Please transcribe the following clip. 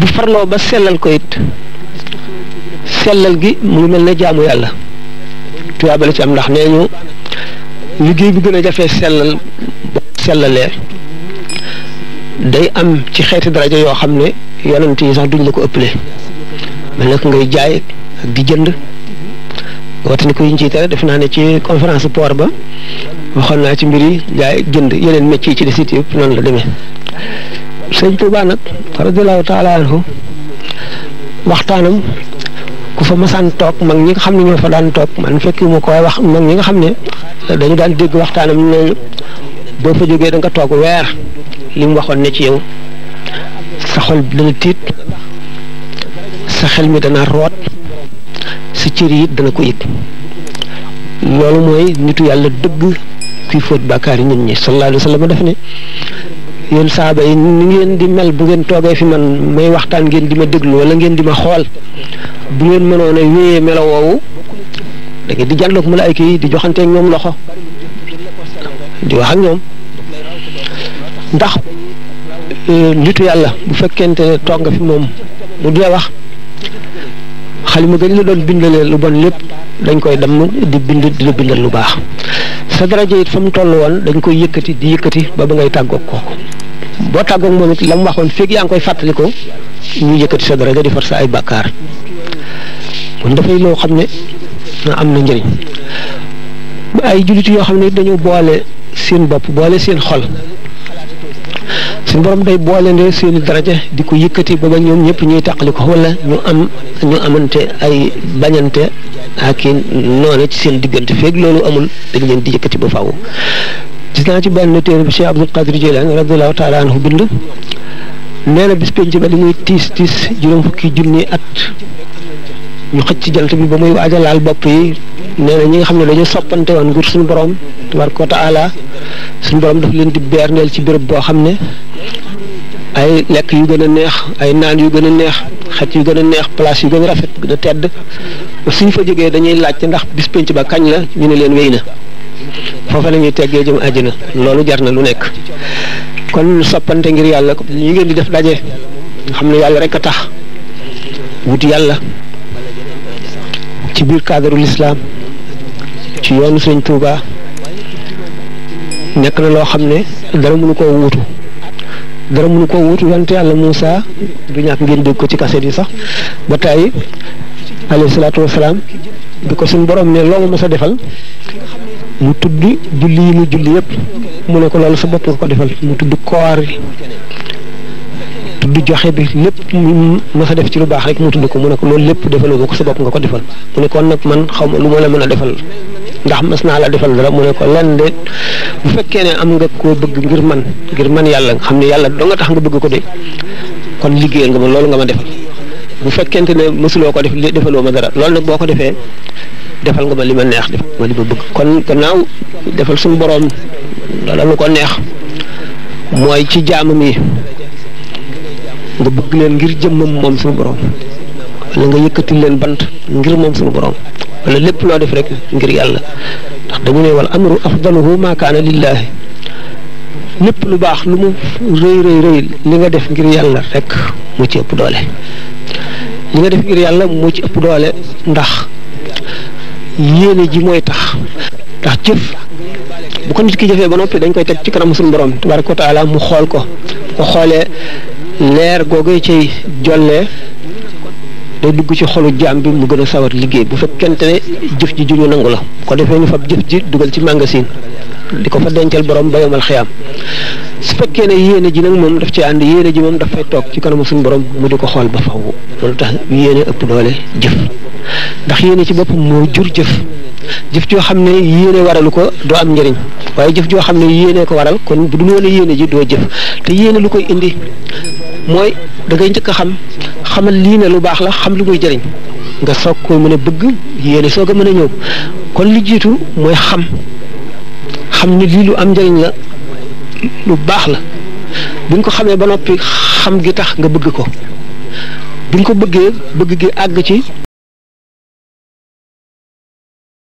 bu farloo ba sellal ko it sellal gi mu mel ne jaamu yàlla tuyaaba la ci am ndax nee ñu liggéey bi gën a jafee sellal sellalee day am ci xeeti daraja yoo xam ne yonent yi sax duñ la ko ëppale mel nag ngay jaay ak di jënd woote ni ko yiñ ciy tere def naa ne ci conférence port ba xam naa ci mbir yi jaay jënd yeneen métier yi ci des it yëpp noonu la demee sëñ Touba nag radiyallahu taala waxtaanam ku fa masaan toog mag ñi nga xam ne ñoo fa daan toog man fekki mu koy wax mag ñi nga xam ne dañu daan dégg waxtaanam ne boo fa jógee da nga toog weer li mu waxoon ne ci yow sa xol dana tiit sa xel mi dana root sa cër yi dana ko yëg loolu mooy nitu yàlla dëgg kuy fóot bàkkaar yi nit ñi sallallahu alayhi wa sallam def ne yéen saaba yi ni ngeen di mel bu ngeen toogee fi man may waxtaan ngeen di ma déglu wala ngeen di ma xool bu ngeen mënoon a wéyee melo woowu da ngeen di jàlloog malaayka yi di joxanteeg ñoom loxo di wax ak ñoom ndax euh, nitu yàlla bu fekkente ne toog nga fi moom mu dee wax xalima gañ la doon bindalee lu bon lépp dañ koy dem di bind di la bindal lu baax sa daraja it fa mu toll woon dañ koy yëkkati di yëkkati ba ba ngay tàggoog kooku boo tàggoog moom it la mu waxoon feeg yaa ngi koy fàttaliku ñuy yëkkati sa daraja di far sa ay bàkkaar kon dafay loo xam ne am na njëriñ ay jullit yoo xam ne dañoo boole seen bopp boole seen xol suñu borom day boole ndee seen daraja di ko yëkkati ba ba ñoom ñëpp ñuy tàqali ko wala ñu am ñu amante ay bañante ak i noone ci seen diggante feeg loolu amul dañ leen di yëkkati ba faaw gis naa ci benn téere bi Cheikh Abdul Qadir Jilani radiyallahu taala anhu bind nee na bis penc ba li muy tiis tiis juróom fukki junni at ñu xëj ci jant bi ba muy waaj bopp yi nee ñi nga xam ne dañoo soppante woon ngir suñu borom tabaraka wa suñ suñu borom daf leen di beerneel ci béréb boo xam ne ay lekk yu gën a neex ay naan yu gën a neex xet yu gën a neex place yu gën a rafet gën a tedd suñ fa jógee dañuy laajte ndax bis pénc ba kañ la ñu ne leen wéy na foofa la teggee jëm àjjana loolu jar na lu nekk kon soppante ngir yàlla li ngeen di def daje xam ne yàlla rek a tax wuti yàlla ci biir cadre l'islam ci yoonu Sëriñ Tuuba nekk na loo xam ne dara mënu koo wutu dara mënu ko wut yonent yàlla Moussa du ñàkk ngeen dégg ko ci kaset yi sax ba tàyyi alayhi salaatu wasalaam bi ko suñ borom ne loolu ma sa defal mu tudd julli yi mu julli yëpp mu ne ko loolu sa bopp nga ko defal mu tudd koor bi tudd joxe bi mu ma def ci lu baax rek mu ko mu ne ko loolu lépp ko sa bopp nga ko defal ne kon nag man xaw ma lu ma la mën a defal ndax mas naa la defal dara mu ne ko lan de bu fekkee ne am nga koo bëgg ngir man ngir man yàlla nga xam ne yàlla doo nga tax nga bëgg ko de kon liggéeyal nga ma loolu nga ma defal bu fekkente ne mësuloo ko def li defaloo ma dara loolu nag boo ko defee defal nga ma li ma neex defal ma li ma bëgg kon gannaaw defal suñu boroom la lu ko neex mooy ci jaamam yi nga bëgg leen ngir jëmmam moom suñu boroom wala nga yëkkati leen bant ngir moom suñu boroom wala lépp loo def rek ngir yàlla ndax dañu ne wal amru afdaluhu ma kaana lillaahi lépp lu baax lu mu rëy rëy rëy li nga def ngir yàlla rek mu ci ëpp doole li nga def ngir yàlla mu ci ëpp doole ndax yéene ji mooy tax ndax jëf bu ko nit ki jëfee ba noppi dañ koy teg ci kanam suñu borom tabaraka wa taala mu xool ko bu ko xoolee leer googee ci jollee day dugg ci xolu jaam bi mu gën a sawar liggéey bu fekkente ne jëf ji ju ñu nangu la bu ko defee ñu fab jëf ji dugal ci magasin di ko fa dencal borom ba yomal xiyaam su fekkee ne yéene ji nag moom daf ci ànd yéene ji moom daf toog ci kanamu suñu borom mu di ko xool ba faww loolu tax yéene ëpp doole jëf ndax yéene ci bopp moo jur jëf jëf joo xam ne yéene waralu ko doo am njëriñ waaye jëf joo xam ne yéene ko waral kon bu du noonu yéene ji doo jëf te yéene lu koy indi mooy da njëkk a xam xamal lii ne lu baax la xam lu muy jariñ nga soog koo mën a bëgg yéene soo a mënee a ñëw kon li jiitu mooy xam xam ne lii lu am njëriñ la lu baax la bi nga ko xamee ba noppi xam gi tax nga bëgg ko bi nga ko bëggee bëgg gi àgg ci